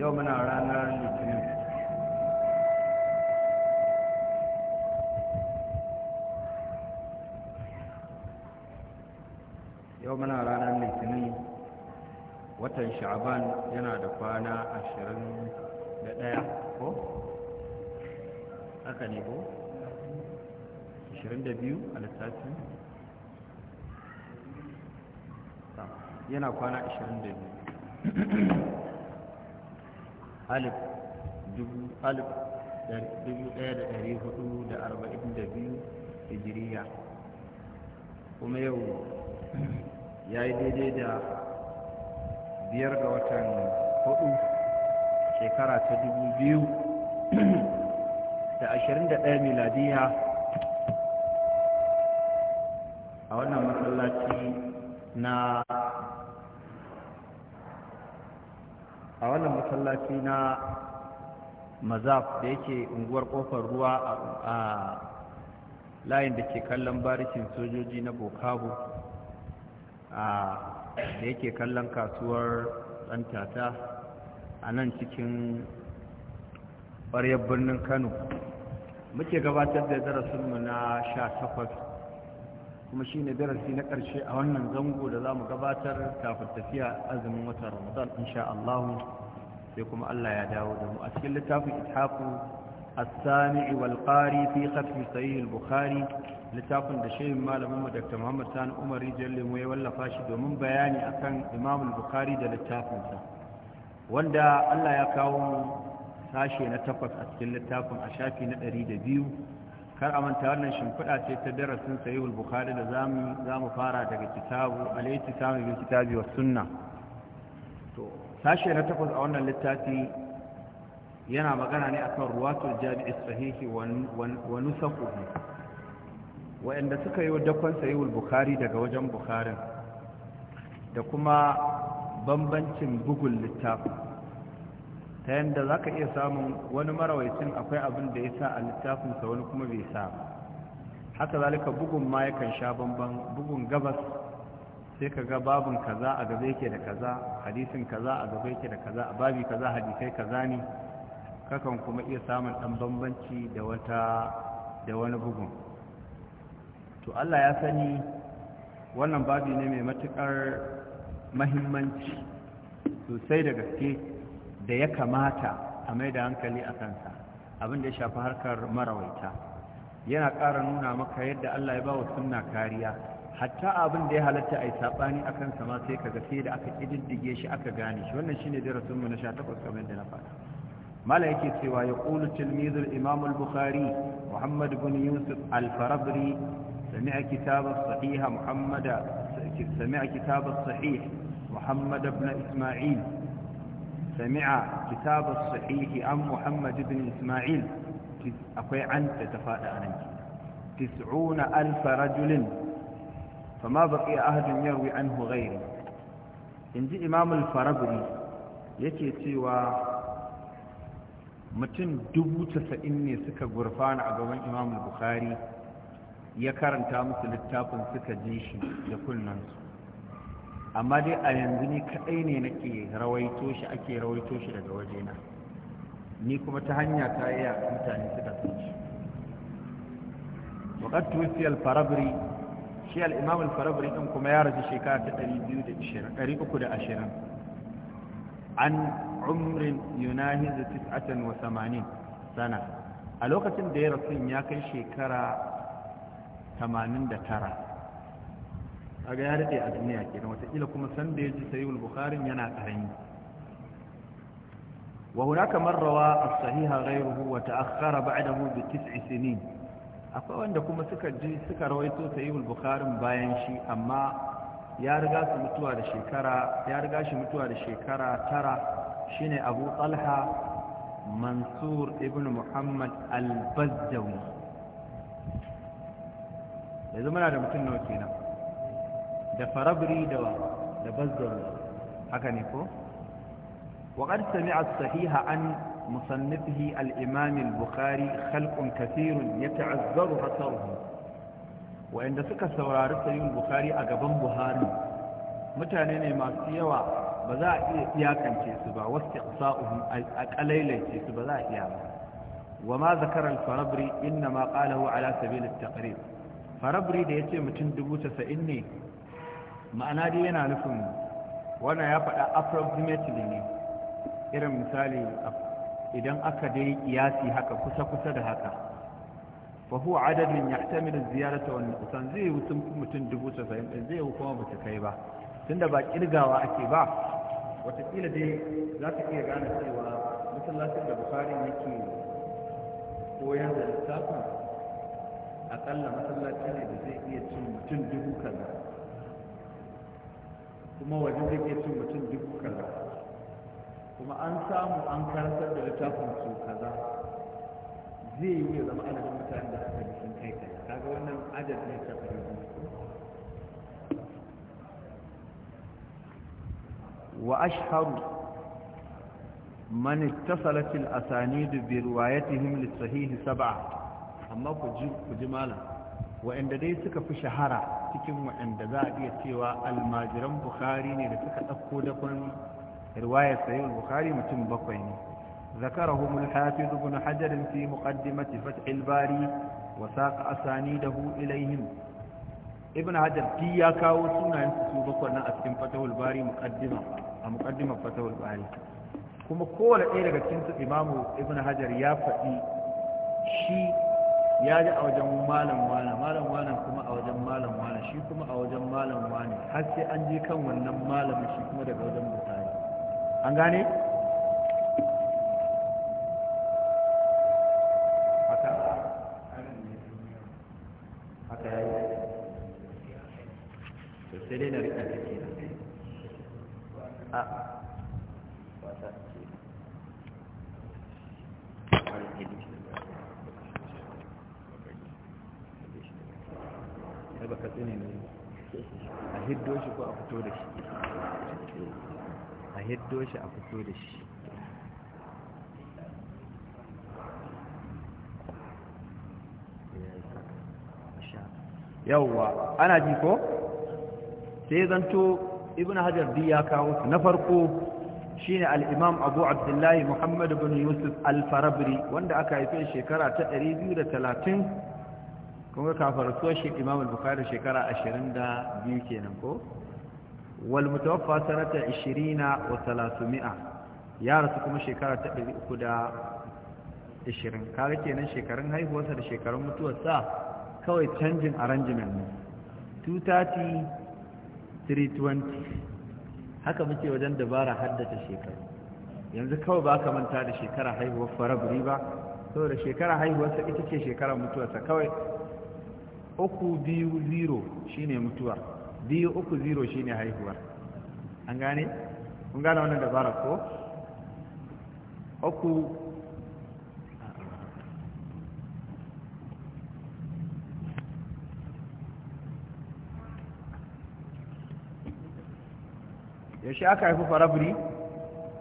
yau muna ranar litinin yau muna ranar litinin watan sha'aban yana da kwana ashirin da ɗaya ko? haka ne ko? ashirin da biyu a lissafi yana kwana ashirin da biyu alif dubu alif dubu ɗaya da ɗari hudu da arba'in da biyu hijiriya kuma yau ya yi daidai da biyar ga watan hudu shekara ta dubu biyu da ashirin da ɗaya miladiya a wannan masallaci na masallaci na mazaf da yake unguwar kofar ruwa a layin da ke kallon barikin sojoji na bokabu a da yake kallon kasuwar tsantata a nan cikin ɓaryar birnin kano muke gabatar da darasinmu na sha takwas kuma shi ne darasi na ƙarshe a wannan zango da za mu gabatar kafin tafiya azumin watan ramadan insha'allahu sai kuma Allah ya dawo da mu a cikin littafin Ithaqu As-Sami'i wal Qari fi khatmi Sahih al-Bukhari littafin da shehin malamin mu Dr. Muhammad Sani Umar Jalle mu ya wallafa shi domin bayani akan Imam al-Bukhari da littafinsa wanda Allah ya kawo mu sashe na takwas a cikin littafin a shafi na ɗari da biyu kar a manta wannan shimfiɗa ce ta darasin Sahih al-Bukhari da zamu fara daga kitabu alayhi kitabi bil kitabi was sunnah sashe na takwas a wannan littafi yana magana ne akan ruwatul jami sahihi wa nusakuhu wa'anda suka yi dakon sahihul bukhari daga wajen bukharin da kuma bambancin bugun littafin ta yadda za ka iya samun wani marawaicin akwai abin da ya sa a littafinsa wani kuma bai sa haka zalika bugun ma yakan sha bambam bugun gabas sai ka ga babin kaza a gaba yake da kaza hadisin kaza a gaba yake da kaza a babi kaza hadisai kaza ne kakan kuma iya samun ɗan bambanci da wata da wani bugun to Allah ya sani wannan babi ne mai matuƙar mahimmanci sosai da gaske da ya kamata a mai da hankali a kansa da ya shafi harkar marawaita yana ƙara nuna maka yadda Allah ya ba wa sunna kariya hatta abin da ya halatta a yi saɓani a kansa ma sai kaga sai da aka ƙididdige shi aka gane shi wannan shine darasinmu na 18 kamar da na faɗa mala yake cewa ya ƙulu tilmizul imam al-bukhari muhammad bin yusuf al-farabri sami'a kitabar sahiha muhammad sami'a kitabar sahih muhammad ibn isma'il sami'a kitabar sahihi an muhammad ibn isma'il akwai an ta faɗa anan 90000 rajulin فما an أحد inji عنه غيره إن جي إمام الفربري يكي تيوى متن دبو تسئني سكا غرفان عقوان إمام البخاري يكارن تامس للتابن سكا جيشي da ننسو amma dai a yanzu ni kaɗai ne nake rawaito shi ake rawaito shi daga wajena ni kuma ta hanya ta yi a mutane suka san shi waƙar tuwisi alfarabri shi al'imam al-farabri ɗin kuma ya rasu shekara ta 320 an umrin yunahiz 89 sana a lokacin da ya rasu ya kai shekara 89 a ga ya daɗe a duniya ke watakila kuma sanda ya ji sayiwul bukharin yana ƙarami وهناك من روى الصحيح غيره وتأخر بعده بتسع sinin. akwai wanda kuma suka ji suka rawaito sahihul bukharin bayan shi amma ya riga su mutuwa da shekara ya riga shi mutuwa da shekara tara shine abu talha mansur ibn muhammad al-bazzawi yanzu muna da mutum nawa kenan da farabri da da bazzawi haka ne ko وقد sami'a sahiha an. مصنفه الإمام البخاري خلق كثير يتعذر أثره وعند سكة سورار سيد البخاري أقبان بهاري متعنين ما سيوا بذا إياكا كيسبا واستقصاؤهم أقليلا كيسبا ذا إياكا وما ذكر الفربري إنما قاله على سبيل التقريب farabri da ya ce mutum dubu casa'in ne ma'ana dai yana nufin wannan ya faɗa approximately ne irin misali idan aka dai kiyasi haka kusa-kusa da haka fa huwa adadin yahtamilu ziyarata wannan kusan zai wuce mutum 90,000 zai yi kuma ba kai ba tunda ba kirgawa ake ba watakila dai za ta iya gane cewa masallacin da bukari yake koyar da lissafin akalla masallaci ne da zai iya cin mutum dubu kaza kuma wajen zai iya cin mutum dubu kaza kuma an samu an karantar da littafin su kaza zai yi zama adadin mutane da aka bi sun kai kai kaga wannan adadin ne ta fara yi wa ashharu man ittasalat al asanid bi riwayatihim li sahih sab'a amma ku ji ku ji mala inda dai suka fi shahara cikin wa'anda za a iya cewa almajiran bukhari ne da suka dauko da kun riwayar sayi bukhari mutum bakwai ne zakarahum al-hafiz ibn hajar fi muqaddimati fath al-bari wa saqa asanidahu ilayhim ibn hajar fi ya kawo sunayen su bakwai nan a cikin fatahul bari muqaddima a muqaddimar fatahul bari kuma kowane ɗaya daga cikin su imamu ibn hajar ya faɗi shi ya ji a wajen malam wala malam wala kuma a wajen malam wala shi kuma a wajen malam wala har sai an je kan wannan malamin shi kuma daga wajen mutane an gane yawwa ana ji ko sai zanto ibn hajar di ya kawo su na farko shine al-imam abu abdullahi muhammad ibn yusuf al-farabri wanda aka haife shekara ta 230 kuma kafaratuwar shi imam al-bukhari shekara 22 kenan ko wal mutawaffa sanata 20 wa 300 ya rasu kuma shekara ta 320 kaga kenan shekarun haihuwarsa da shekarun mutuwarsa kawai canjin arrangement ne 230 320 haka muke wajen dabara haddata shekaru yanzu kawai ba ka manta da shekara haihuwar farabri ba saboda shekara haihuwarsa ita ce shekara mutuwarsa kawai uku biyu zero shine mutuwa biyu uku zero shine haihuwar an gane? kun gane wannan dabara ko? uku yaushe aka haifi farabri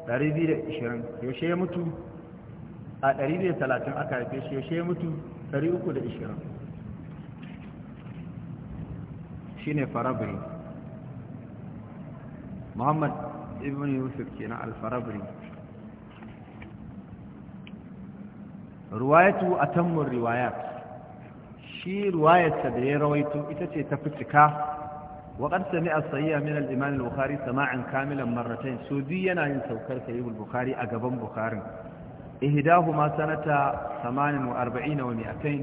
220 yaushe ya mutu a 130 aka haife shi yaushe ya mutu 320 shi ne farabri muhammad ibn yusuf na alfarabri ruwayatu a tammun riwayat shi ruwayarsa da ya rawaito ita ce ta fi cika وقد سمع الصحيح من الإمام البخاري سماعا كاملا مرتين سوديا عن سوكر سيد البخاري أقبا بخاري إهداهما سنة 48 و200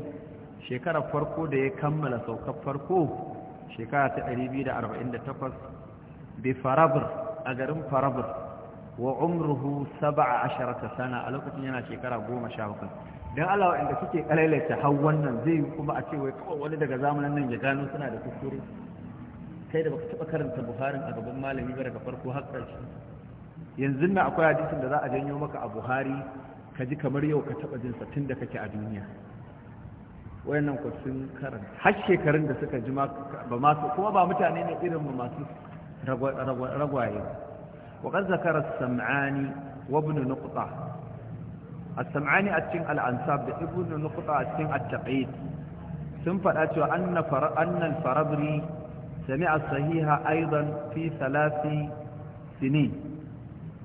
شكرا فرقو دي كمل سوكر فرقو شكرا تقريبي دا 48 بفربر أقرم فربر وعمره 17 سنة ألوكت ينا شكرا قوم شاوكا don Allah waɗanda suke ƙalailata hau wannan zai kuma a cewa kawai wani daga zamanin nan ya gano suna da kuskure kai da baka taba karanta buharin a gaban malami ba daga farko har ƙarshe yanzu na akwai hadisin da za a janyo maka a buhari ka ji kamar yau ka taba jinsa tun da kake a duniya wayannan ku sun karanta har shekarun da suka ji ba masu kuma ba mutane ne irin ba masu ragwaye wa qad zakara as-sam'ani wa ibn nuqta as-sam'ani a cikin al-ansab da ibn nuqta a cikin at-taqid sun faɗa cewa anna fara al farabri سمع الصحيح أيضا في ثلاث سنين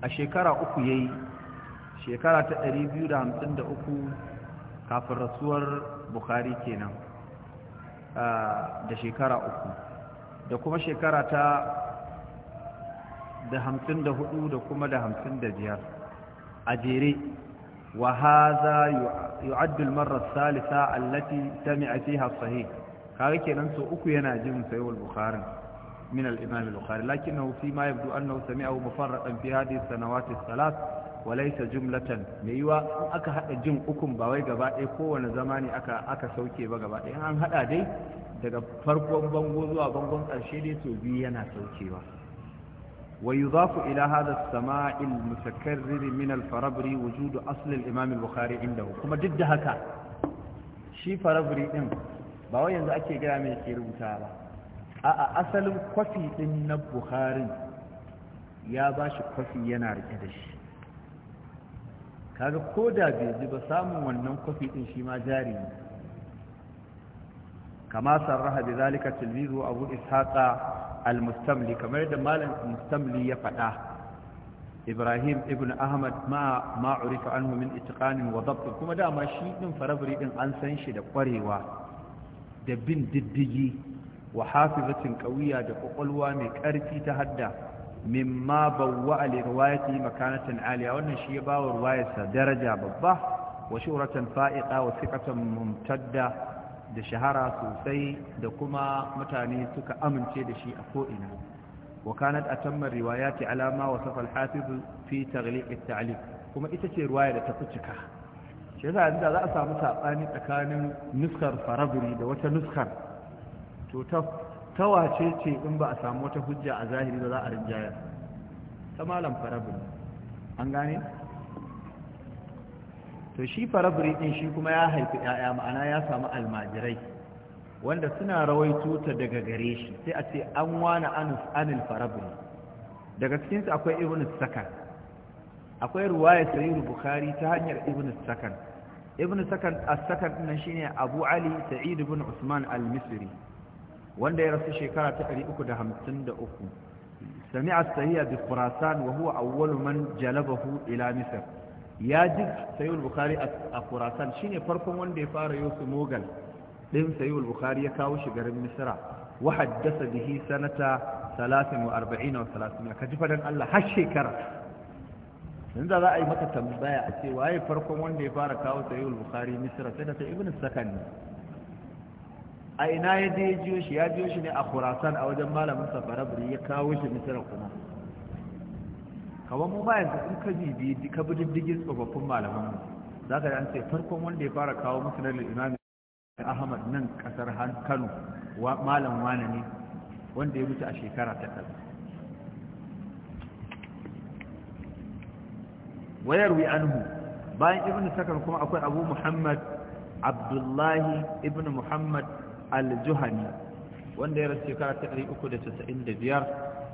الشكرة أكو يي شكرة تقريبيو دهم تند أكو كافر رسول بخاري كينا da shekara uku da kuma shekara ta da hamsin da hudu da kuma da hamsin da biyar a jere wahaza haza yu'addul marra salisa allati sami'a fiha kaga kenan so uku yana jin sayyid bukhari min al-imam al-bukhari lakinnahu fi ma yabdu annahu sami'ahu mufarradan fi hadhihi as-sanawat as-salat wa jumlatan me yiwa in aka haɗa jin ukun ba wai gaba ɗaya kowane zama ne aka aka sauke ba gaba ɗaya an haɗa dai daga farkon bango zuwa bangon ƙarshe dai sau biyu yana saukewa ويضاف إلى هذا السماء المتكرر من الفربري وجود أصل الإمام البخاري Kuma duk da haka shi فربري din. ba wai yanzu ake gaya mai ke rubuta ba a'a asalin kwafi din na buharin ya ba shi kwafi yana rike da shi kaga ko da bai ji ba samun wannan kwafi din shi ma jari ne kama sarraha bi zalika tilmizu abu ishaqa al-mustamli kamar da mallam mustamli ya faɗa ibrahim ibn ahmad ma ma urifa anhu min itqan wa kuma dama shi din farabri din an san shi da kwarewa da bin diddigi wa hafizatin qawiya da kwakwalwa mai ƙarfi ta hadda mimma bawwa li riwayati makanatan aliya wannan shi ya bawa riwayarsa daraja babba wa shuhratan fa'iqa wa thiqatan mumtadda da shahara sosai da kuma mutane suka amince da shi a ko'ina wa kanat atamma riwayati alama wa safa hafiz fi taghliq at-ta'liq kuma ita ce ruwaya da ta fi cika shi yasa da za a samu saɓani tsakanin nuskar farabri da wata nuskar to ta wace ce in ba a samu wata hujja a zahiri da za a rinjaya ta malam farabri an gane to shi farabri ɗin shi kuma ya haifi ‘ya'ya ma'ana ya samu almajirai wanda suna rawaito ta daga gare shi sai a ce an wani anil farabri daga cikinsu akwai ibn sakan akwai ruwaya sayyid bukhari ta hanyar ibn sakan ibn sakan as-sakan din shine Abu Ali Sa'id ibn Usman al-Misri wanda ya rasu shekara ta 353 sami'a as-sahiya bi Khurasan wa huwa awwalu man jalabahu ila Misr ya ji sayyid bukhari a Khurasan shine farkon wanda ya fara yosu mogal din sayyid bukhari ya kawo shi garin Misra wa haddasa bihi sanata 43 wa 300 kaji fadan Allah har shekara yanzu za a yi maka tambaya a ce waye farkon wanda ya fara kawo sahihul bukari misira sai da ta ibn ne a ina ya je jiyo shi ya jiyo shi ne a khurasan a wajen malamin safarabri ya kawo shi misira kuma kawai mu ba yanzu in ka bibi ka bi diddigin tsofaffin malaman mu za ka an ce farkon wanda ya fara kawo musulun imam ahmad nan kasar kano malam wane ne wanda ya mutu a shekara ta kaza wayarwi anhu bayan ibn sakar kuma akwai abu muhammad abdullahi ibn muhammad al-juhani wanda ya rasu shekara ta 395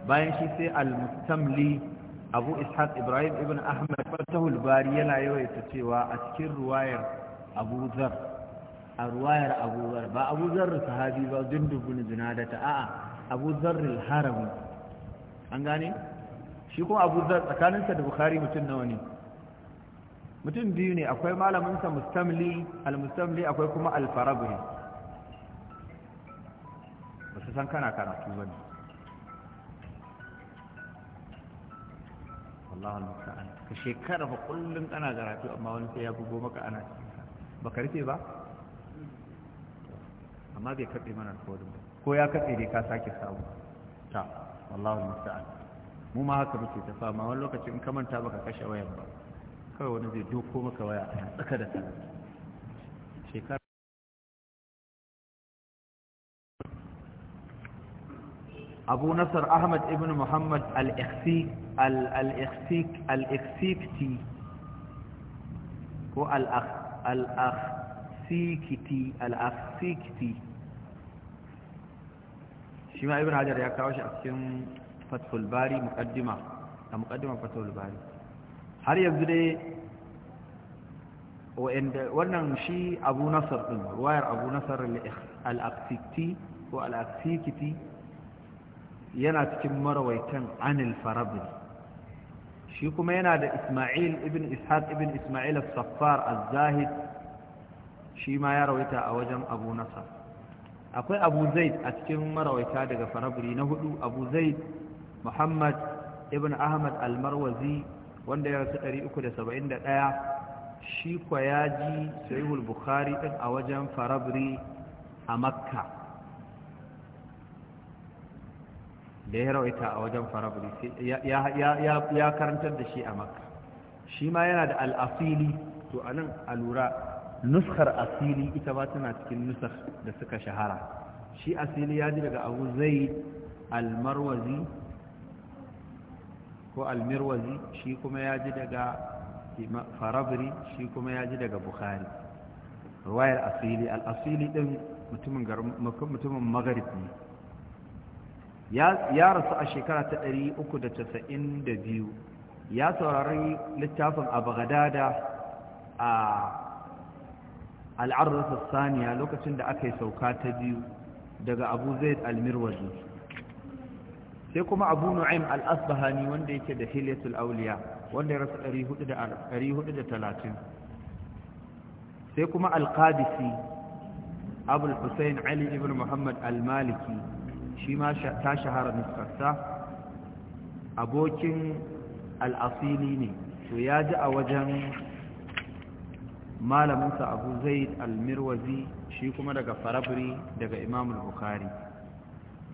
bayan shi sai al-mustamli abu ishaq ibrahim ibn ahmad fatahul bari yana yawaita cewa a cikin ruwayar abu ruwayar abu ba abu zar sahabi ba dindubun junadata a'a abu an gane shi kuma abu zar tsakaninsa da bukhari mutum nawa ne mutum biyu ne akwai malaminsa mustamli al-mustamli akwai kuma al-farabri ba san kana karatu ba ne musta'an ka shekara fa kullum kana karatu amma wani sai ya bugo maka ana ba ka rufe ba amma bai katse mana kodin ba ko ya katse dai ka sake samu ta wallahu musta'an mu ma haka muke ta fama wani lokacin in ka manta baka kashe wayar ba kawai wani zai doko maka waya a tsaka da karatu shekara abu nasar ahmad ibn muhammad al-ikhsikti ko al-akhsikti al-akhsikti shi ma ibn hajar ya kawo shi a cikin fathul bari muqaddima a muqaddimar fathul bari har yanzu dai wannan shi abu nasar ɗin ruwayar abu nasar al'aksiti ko al'aksikiti yana cikin marawaitan anil farabin shi kuma yana da ismail ibn ishaq ibn ismail saffar al-zahid shi ma ya rawaita a wajen abu nasar akwai abu zaid a cikin marawaita daga farabri na hudu abu zaid muhammad ibn ahmad al-marwazi wanda ya rasu 371 shi kwa ya ji sahihul bukhari din a wajen farabri a makka da ya rawaita a wajen farabri ya karantar da shi a makka shi ma yana da al'afili to anan alura nuskar asili ita ba tana cikin nusar da suka shahara shi asili ya ji daga abu zai almarwazi ko almirwazi shi kuma ya ji daga farabri shi kuma ya ji daga bukhari ruwayar asili al'asili ɗin mutumin magharib ne ya rasu a shekara ta 392 ya saurari littafin a bagadada a al'arrasa saniya lokacin da aka yi sauka ta biyu daga abu zaid almirwazi sai kuma abu nu'aim al-asbahani wanda yake da hilyatul auliya wanda ya rasu 430 sai kuma al-qadisi abul husayn ali ibn muhammad al-maliki shi ma ta shahara nuskarsa abokin al ne to ya ji a wajen malaminsa abu zaid al-mirwazi shi kuma daga farabri daga imam al-bukhari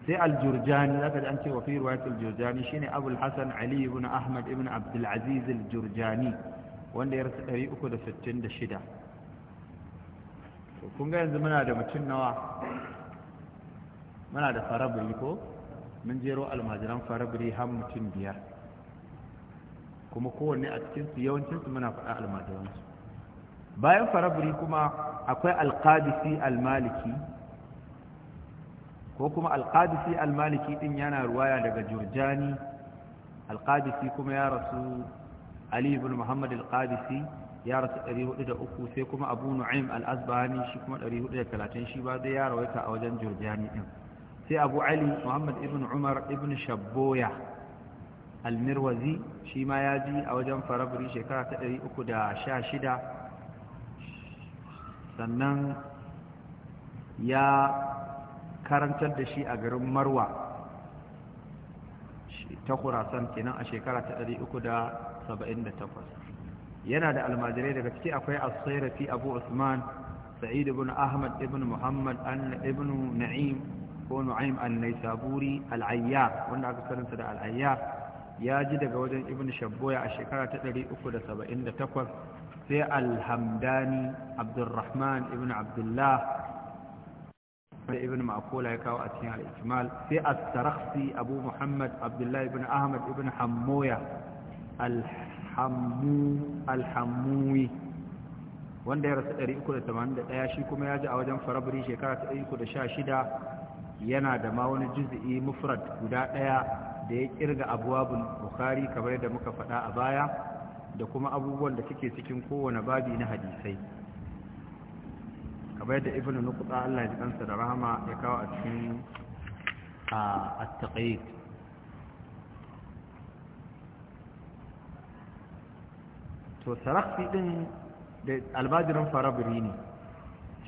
sai aljurjani zaka ji an ce wa fi riwayat aljurjani shine abul hasan ali ibn ahmad ibn abdul aziz aljurjani wanda ya rasu 366 to kun ga yanzu muna da mutum nawa muna da farabri ko mun jero almajiran farabri har mutum biyar kuma kowanne a cikinsu yawancinsu muna faɗa almajiransu bayan farabri kuma akwai alƙadisi almaliki ko kuma alƙadisi almaliki ɗin yana ruwaya daga jurjani alƙadisi kuma ya rasu ali ibn muhammad alƙadisi ya rasu 403 sai kuma abu nu'im al'azbani shi kuma 430 shi ba zai ya rawaita a wajen jurjani ɗin sai abu ali muhammad ibn umar ibn shabboya almirwazi shi ma ya ji a wajen farabri shekara ta 316 sannan ya karantar da shi a garin marwa ta kurasan kenan a shekara ta 378 yana da almajirai daga ciki akwai as abu usman sa'id ibn ahmad ibn muhammad ibn na'im ko nu'aim an-naisaburi al wanda aka sanin da al ya ji daga wajen ibn shabboya a shekara ta 378 sai al-hamdani abdurrahman ibn abdullah da ibn makola ya kawo a cikin al sai a sarakhsi abu muhammad abdullahi ibn ahmad ibn hammoya al wanda ya rasu 381 shi kuma ya ji a wajen farabri shekara ta 316 yana da ma wani juz'i mufrad guda daya da ya kirga abubuwan bukari kamar yadda muka faɗa a baya da kuma abubuwan da suke cikin kowane babi na hadisai kamar yadda ibnu nuqta Allah ya kansa da rahama ya kawo a cikin at-taqid to sarakfi ɗin da almajirin farabiri ne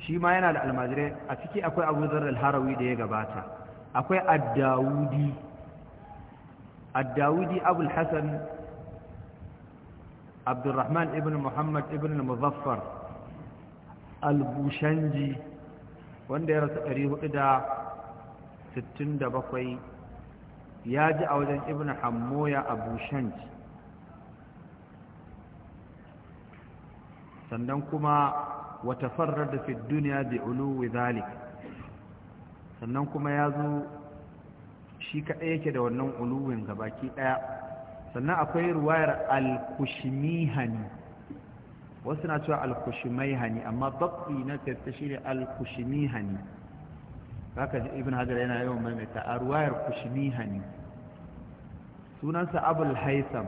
shi ma yana da almajirai a ciki akwai abu zarar da ya gabata akwai addawudi addawudi abul hassan abdulrahman ibn muhammad ibn muzaffar albushanji wanda ya rasa ɗari rasu 467 ya ji a wajen ibn hammoya a bushanji sannan kuma wata farar da fi duniya bi uluwi zalik sannan kuma ya zo shi kaɗai yake da wannan uluwin gabaki ɗaya sannan akwai ruwayar al-kushimihani wasu na cewa al hani amma babbi na tafi shine al hani haka ibn hajar yana yawan maimaita a ruwayar kushmihani sunansa abul haitham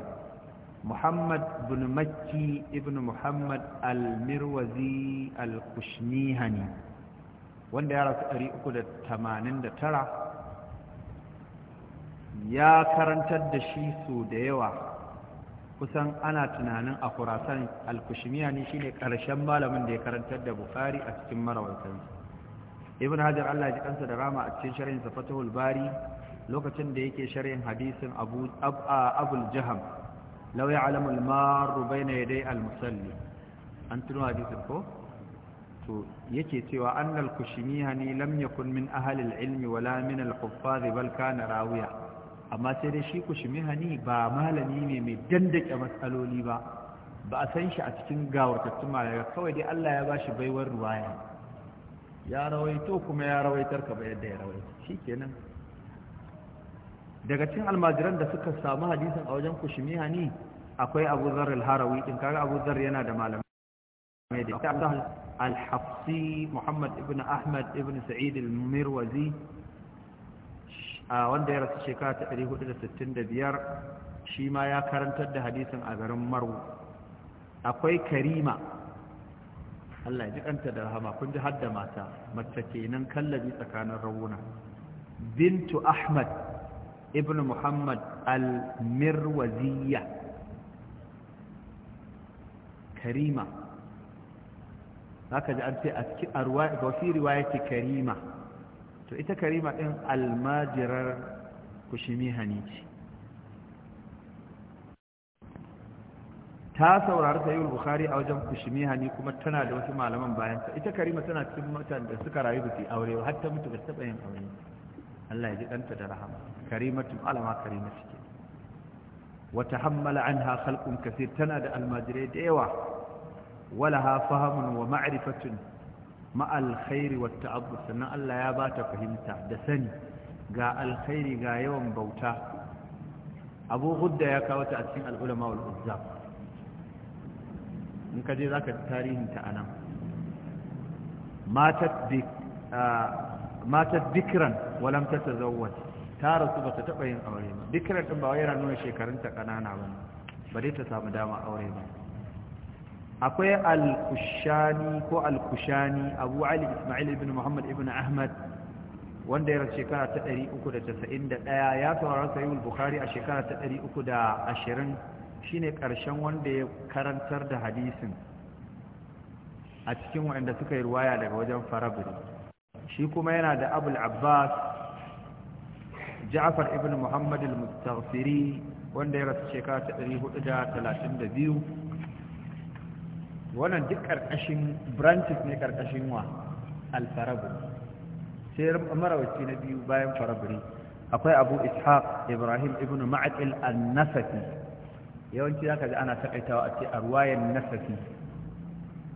muhammad bin makki ibn muhammad al-mirwazi al wanda ya rasu 389 ya karantar da shi su da yawa kusan ana tunanin a kurasan alkushimiya ne shine karshen malamin da ya karantar da bukhari a cikin marawaitansa ibn hajar allah ji kansa da rama a cikin sharhin sa bari lokacin da yake sharhin hadisin abu abul jaham law ya'lamu al-maru bayna yaday al-musalli an tuno hadisin ko to yake cewa annal kushimiya ne lam yakun min ahli al-ilmi wala min al-huffaz bal kana rawiya amma sai dai shi hani ba malami ne mai dandake matsaloli ba ba a san shi a cikin gawartattun malaya kawai dai Allah ya bashi baiwar ruwaya ya rawaito kuma ya rawaitar ka ba yadda ya rawaita shikenan daga cikin almajiran da suka samu hadisin a wajen kushimihani akwai Abu Dharr al-Harawi din kaga Abu Dharr yana da malamai da al-Hafsi Muhammad ibn Ahmad ibn Sa'id al-Mirwazi a wanda ya rasu shekara ta 465 shi ma ya karantar da hadisin a garin maru akwai karima Allah ya ji kanta da rahama kun ji hadda mata mace kenan kallabi tsakanin rawuna bintu ahmad ibn muhammad al-mirwaziyya karima ka ji an ce a ruwa ga wasu riwaya ce karima to ita karima ɗin almajirar kushimihani. ce ta saurari ta yi bukhari a wajen kushimihani kuma tana da wasu malaman bayanta ita karima tana cikin mutane da suka rayu da su aure har ta mutu da taɓa yin aure Allah ya ji ɗanta da rahama karimatu alama karima cike wata hammala an ha khalqun kasir tana da almajirai da yawa walaha fahamun wa ma'rifatun ma alkhairi wa abu sannan Allah ya ba ta fahimta da sani ga alkhairi ga yawan bauta abu hudda ya kawo ta a cikin al'ulama wal uzzab in ka je zaka tarihin ta anan nan. Matar matat dikran wa lam tatazawwaj ta rasu ba ta taba yin aure ba dikran din ba wai yana nuna shekarunta kanana ba ba dai ta samu dama aure ba akwai al-kushani ko al-kushani abu ali ismail ibn muhammad ibn ahmad wanda ya shekara ta 391 ya saurara sahihul bukhari a shekara ta 320 shine karshen wanda ya karantar da hadisin a cikin wanda suka yi ruwaya daga wajen farabri shi kuma yana da abul abbas ja'far ibn muhammad al-mustaghfiri wanda ya rasu shekara ta 432 wannan duk ƙarƙashin branches ne ƙarƙashin wa alfarabri sai marawaci na biyu bayan farabri akwai abu ishaq ibrahim ibn ma'aqil al nasafi yawanci zaka ji ana takaitawa a ce a ruwayan nasafi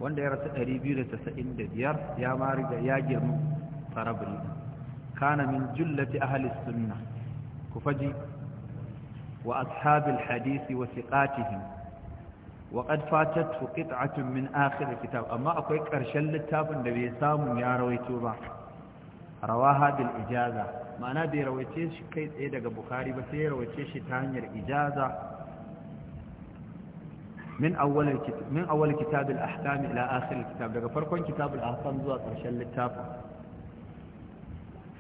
wanda ya rasu 295 ya mariga ya girma farabri kana min jullati ahli sunnah kufaji wa ashabil hadisi wa siqatihim وقد فاتته قطعة من آخر الكتاب أما أقول كرشل التاب النبي سام يا روي توبة رواها بالإجازة ما نادي رويتيش كيد إيدا دقى بخاري بس رويتيش تاني الإجازة من أول الكتاب من أول كتاب الأحكام إلى آخر الكتاب دقى فرقون كتاب الأحكام ذو كرشل التاب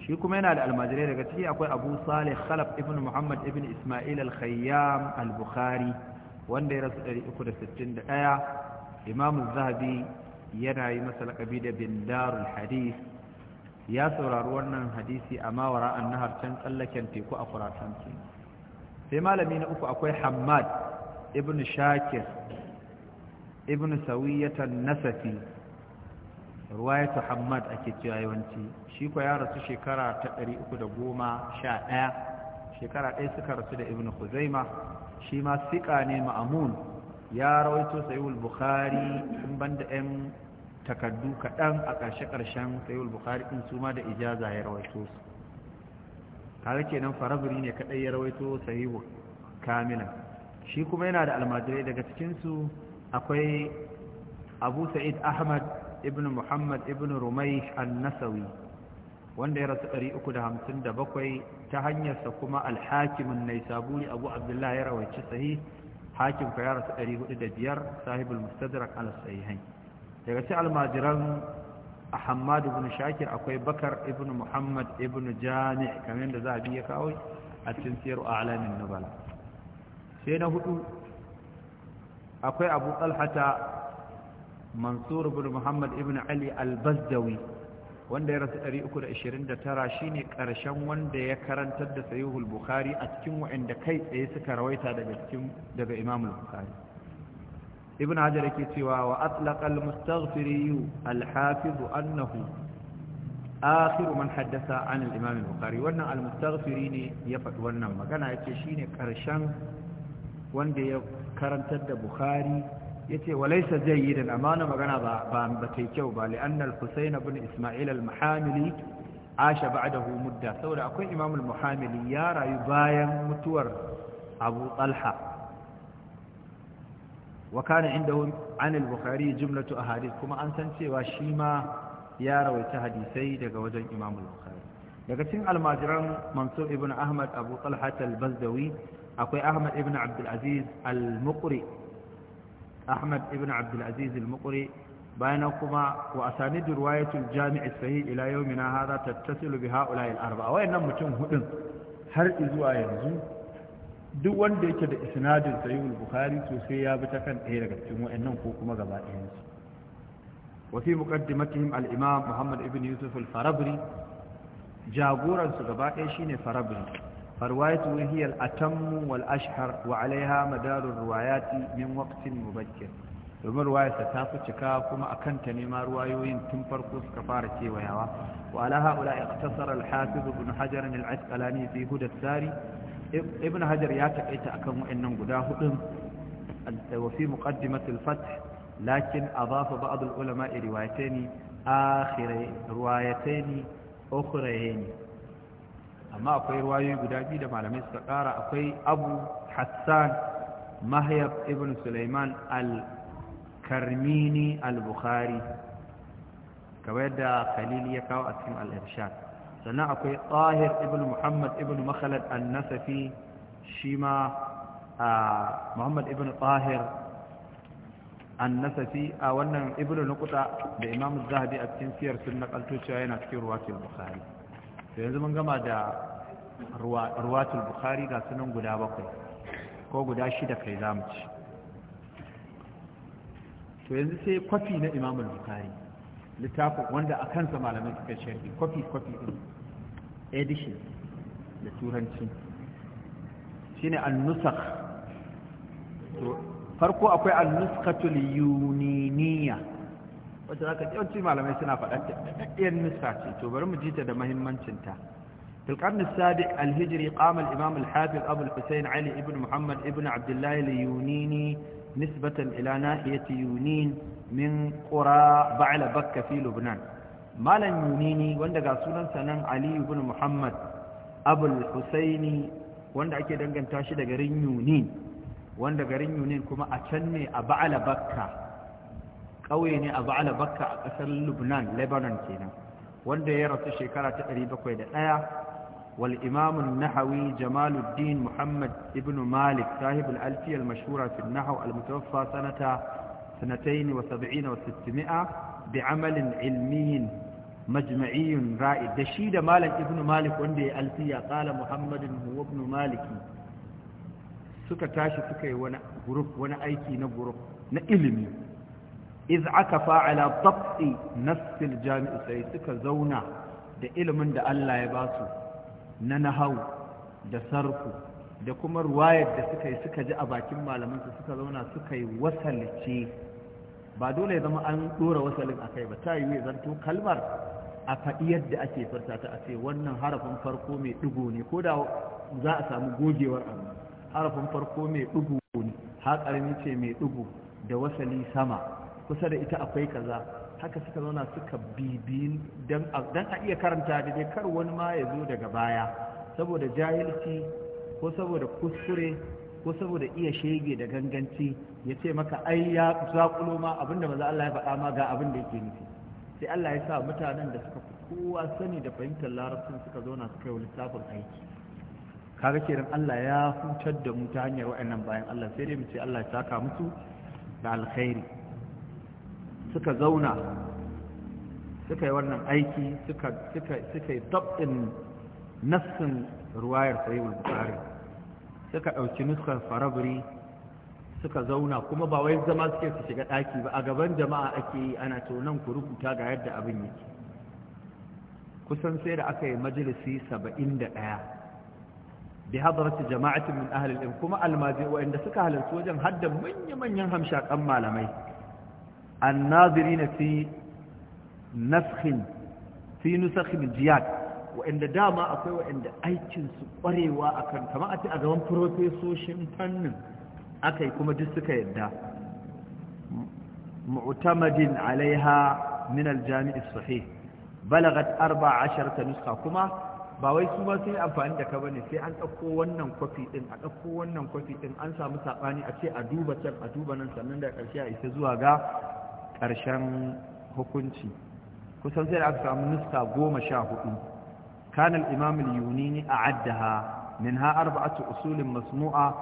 شو كمان على المدرية لقى تيجي أقول أبو صالح خلف ابن محمد ابن إسماعيل الخيام البخاري wanda ya rasu ɗaya, imam zahabi yana yi masa laƙabi da bindarul hadis ya saurari wannan hadisi a mawara an nahar can tsallaken teku a kuratan sai malami na uku akwai hamad ibn shakir ibn sawiyatan nasafi ruwayatu hamad ake cewa yawanci shi ko ya rasu shekara ta da goma sha ɗaya. shekara ɗaya suka rasu da ibn Khuzaima shi ma siƙa ne ma'amun ya rawaito sayul bukhari in banda ɗan takaddu kaɗan a ƙarshe-ƙarshen sayul bukhari in su ma da ijaza ya rawaito su kare kenan farabri ne kaɗai ya rawaito sahihu kamilan shi kuma yana da almajirai daga cikinsu akwai Abu Sa'id Ahmad ibn Muhammad ibn rumai An-Nasawi wanda ya rasu 357 ta hanyarsa kuma alhakimin nai saburi abu abdullahi ya rawaici sahih hakim ka ya rasu 405 sahibul mustadrak al sahihain daga ci almajiran Ahmad bin Shakir akwai Bakar ibn Muhammad ibn Jami kamar da za a biya kawo a cikin siyar alamin nubala sai na hudu akwai Abu Talhata Mansur bin Muhammad ibn Ali al-Bazdawi wanda ya rasu 329 shine karshen wanda ya karantar da sahihul bukhari a cikin wa'anda kai tsaye suka rawaita daga cikin daga imam bukhari ibn hajar yake cewa wa atlaqa al-mustaghfiri al-hafiz annahu akhir man haddatha an al-imam al-bukhari wannan al-mustaghfiri ne ya faɗi wannan magana yace shine karshen wanda ya karantar da bukhari ya ce zai yi da amana magana ba ba kyau ba li anna bin husayn ibn isma'il al-muhamili asha ba'dahu mudda saboda akwai imam al-muhamili ya rayu bayan mutuwar abu talha wakana kana indahu an al-bukhari jumlatu ahadith kuma an san cewa shi ma ya rawaita hadisai daga wajen imam al-bukhari daga cikin almajiran mansur ibn ahmad abu talha al-bazdawi akwai ahmad ibn abdul aziz al-muqri أحمد ابن عبد العزيز المقري بينكما وأساند رواية الجامع الصحيح إلى يومنا هذا تتصل بهؤلاء الأربعة وإن متون هدن هر إزواء ينزو duk wanda yake da isnadin sahihul bukhari to sai ya bi ta kan ɗaya daga cikin wayannan ko kuma gaba ɗayan su wa fi muqaddimatihim al-imam muhammad ibn yusuf farabri jagoran gaba ɗaya shine farabri فروايته هي الأتم والأشهر وعليها مدار الروايات من وقت مبكر domin ruwaya ta fi cika kuma a kanta nema ma ruwayoyin tun farko suka fara kewayawa wa ala haula iqtasar al-hafiz ibn hajar al-asqalani fi huda sari ibn hajar ya takaita akan wayannan guda hudun wa fi muqaddimat al-fath lakin adafa ba'd al-ulama riwayatayn akhira riwayatayn ukhrayn amma akwai ruwayoyi guda biyu da malamai suka ƙara akwai abu hassan mahyab ibn suleiman al-karmini al-bukhari kamar yadda khalil ya kawo a cikin al-irshad sannan akwai tsahir ibn muhammad ibn makhalad al-nasafi shi ma muhammad ibn tsahir al-nasafi a wannan ibn nukuta da imam zahabi a cikin siyar sun naƙalto cewa yana cikin ruwatul bukhari to yanzu mun gama da ruwatul bukhari ga sunan guda bakwai ko guda shida kai za mu ci to yanzu sai kwafi na imamul bukhari littafin wanda a kansa malamai suka shirki kwafi kwafi din edition da turanci shine an-nusakh to farko akwai an-nuskatul yuniniya wacce za ka yawanci malamai suna faɗa ta ɗaɗɗiyar nusa ce to bari mu jita da mahimmancinta في القرن السابع الهجري قام الإمام الحافظ أبو الحسين علي بن محمد بن عبد الله اليونيني نسبة إلى ناحية يونين من قرى بعل بكة في لبنان مالا يونيني واندا قاسولا سنن علي بن محمد أبو الحسيني واندا أكيد أنك انتاشي دا قرين يونين واندا قرين يونين كما أتني أبعل بكة ƙauye ne a ba'ala bakka a ƙasar lubnan lebanon kenan wanda ya rasu shekara ta da 701 wal imamun nahawi jamaluddin muhammad ibn malik sahibul alfiyar mashura fi nahaw almutawaffa sanata sanatain wa sab'ina wa sittimi'a bi amalin ilmiyin majma'iyun ra'i da shi da malam ibnu malik wanda ya alfiya qala muhammadin huwa malik suka tashi suka yi wani aiki na group na ilimi iz aka fa'ala tabti nassil jami'u sai suka zauna da ilimin da Allah ya basu na nahau da sarku da kuma ruwayar da suka yi suka ji a bakin malamansu suka zauna suka yi wasalce ba dole zama an dora wasalin a kai ba ta yi zanto kalmar a faɗi yadda ake farta ta a ce wannan harafin farko mai ɗigo ne ko da za a samu gogewar amma harafin farko mai ɗigo ne haƙarin ce mai ɗigo da wasali sama kusa da ita akwai kaza haka suka zauna suka bibi don a iya karanta da dai kar wani ma ya zo daga baya saboda jahilci ko saboda kuskure ko saboda iya shege da ganganci ya ce maka ai ya zaƙulo ma abinda maza Allah ya faɗa ma ga abin da yake nufi sai Allah ya sa mutanen da suka fi kowa sani da fahimtar larabcin suka zauna suka yi lissafin aiki kaga kenan Allah ya hutar da mu ta hanyar wa'annan bayan Allah sai dai mu ce Allah ya saka musu da alkhairi suka zauna suka yi wannan aiki suka yi dab'in nassin ruwayar sayewar bukari suka ɗauki nuskar farabri suka zauna kuma ba wai zama suke su shiga ɗaki ba a gaban jama'a ake yi ana tonan ku rubuta ga yadda abin yake kusan sai da aka yi majalisi saba'in da ɗaya bi hadarci jama'atin min ahalil kuma wa inda suka halarci wajen hadda manya-manyan hamshakan malamai annazirina fi nafhin fi nusakhin jihad wa'anda dama akwai wa'anda aikinsu kwarewa akan kama a ce a gaban profesoshin fannin aka yi kuma duk suka yadda mu'tamadin alaiha min aljami'i sahih balagat 14 nuska kuma ba wai su ba sai amfani da ka bane sai an ɗauko wannan kwafi ɗin, a ɗauko wannan kwafi ɗin an samu saɓani a ce a duba can a duba nan sannan da ƙarshe a isa zuwa ga ƙarshen hukunci kusan sai da aka samu nuska goma sha hudu Kanal al'imam yunini a addaha min ha arba'atu usulin masnu'a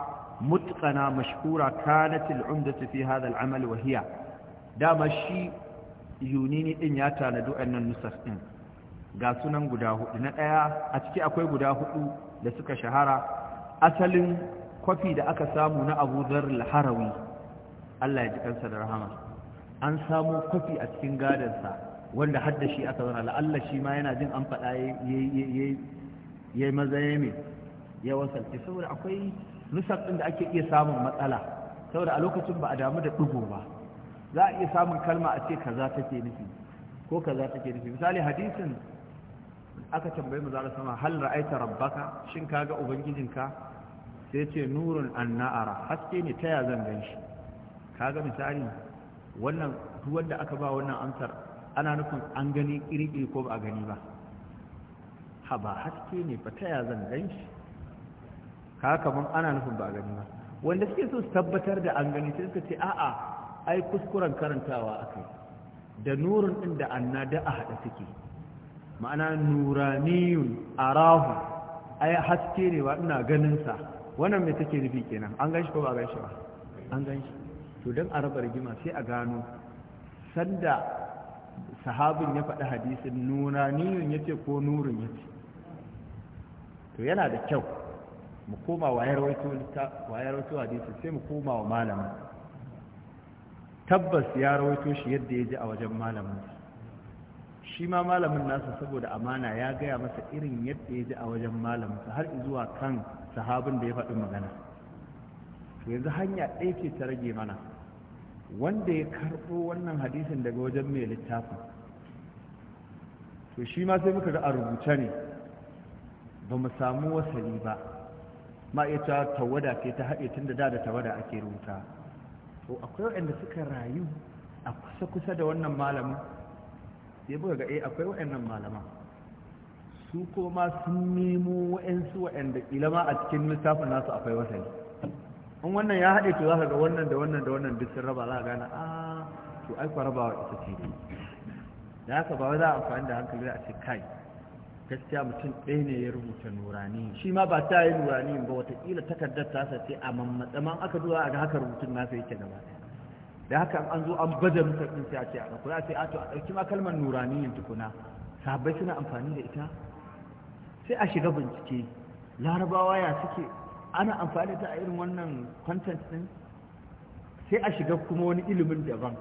mutkana mashkura kanat al'umdatu fi hadha al'amal wa hiya dama shi yunini din ya tanadu annan nusar din ga sunan guda hudu na daya a ciki akwai guda hudu da suka shahara asalin kwafi da aka samu na Abu Dharr al-Harawi Allah ya ji kansa da rahama an samu kwafi a cikin gadansa wanda hadda shi aka zauna la'alla shi ma yana jin an faɗa ya yi maza ya mai ya saboda akwai nusar ɗin da ake iya samun matsala saboda a lokacin ba a damu da ɗigo ba za a iya samun kalma a ce kaza take nufi ko kaza take nufi misali hadisin aka tambaye mu za sama hal ra'aita rabbaka shin ga ubangijinka sai ce nurun anna'ara haske ne ta ya zan gan shi ga misali wannan duk wanda aka ba wannan amsar ana nufin an gani kirkiri ko ba a gani ba ha ba haske ne fa ta ya zan gan shi ka kaman ana nufin ba a gani ba wanda suke so su tabbatar da an gani sai suka ce a'a ai kuskuren karantawa akai da nurin din da anna da a hada suke ma'ana nuraniyun arahu ai haske ne ba ina ganin sa wannan me take nufi kenan an gan shi ko ba a gan shi ba an gan shi to don a raba rigima sai a gano sanda sahabin ya faɗi hadisin nuna niyun ya ce ko nurin ya ce to yana da kyau mu koma wayar rawaito hadisin sai mu koma wa malamin tabbas ya rawaito shi yadda ya ji a wajen malaminsa shi ma malamin nasa saboda amana ya gaya masa irin yadda ya ji a wajen malaminsa har zuwa kan sahabin da ya faɗi magana To yanzu hanya ɗaya ce ta rage mana wanda ya karɓo wannan hadisin daga wajen mai littafin to shi ma sai muka ga a rubuce ne ba mu samu wasali ba ma iya ta tawada ke ta haɗe tun da da da tawada ake rubuta to akwai waɗanda suka rayu a kusa-kusa da wannan malamin sai buga ga eh akwai waɗannan malaman su kuma sun nemo waɗansu waɗanda ilama a cikin littafin nasu akwai wasali in wannan ya haɗe to za ka ga wannan da wannan da wannan duk sun raba za a gane a ah, to ai kwa rabawa ita ce ne da haka ba za a amfani da hankali a ce kai gaskiya mutum ɗaya ne ya rubuta nurani shi ma ba ta yi nurani ba watakila takardar ta sa ce a mammatsa man aka duba a ga haka rubutun nasa yake gaba da haka an zo an baje mutum ɗin sai a ce a ɗauko ya ce a to a ɗauki ma kalmar nurani yin tukuna sabai suna amfani da ita sai a shiga bincike larabawa ya suke ana amfani ta a irin wannan content din sai a shiga kuma wani ilimin daban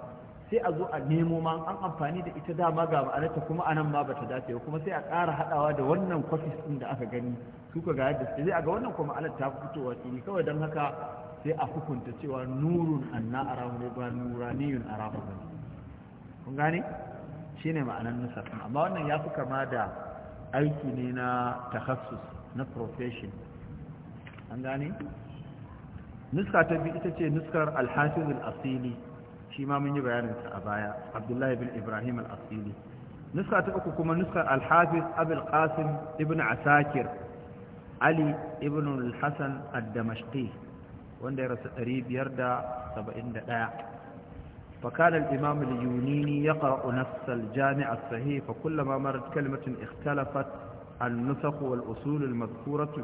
sai a zo a nemo ma an amfani da ita dama ga ma'anarta kuma anan ma bata dace ba kuma sai a ƙara haɗawa da wannan kwafis ɗin da aka gani su ga yadda sai a ga wannan kuma ma'anar ta fitowa fili kawai don haka sai a hukunta cewa nurun anna arahu ne ba nuraniyun arahu ba kun gane ne ma'anar nusar amma wannan ya fi kama da aiki ne na tahassus na profession an gane nuska ta biyu ita ce nuskar alhafiz al-asili shi ma mun yi bayanin a baya abdullahi bin ibrahim al-asili nuska ta uku kuma nuskar alhafiz abul qasim ibn asakir ali ibn al-hasan ad-damashqi wanda ya rasu 571 فكان الإمام اليونيني fa نفس الجامع الصحيح فكلما مرت كلمة wal النسخ والأصول المذكورة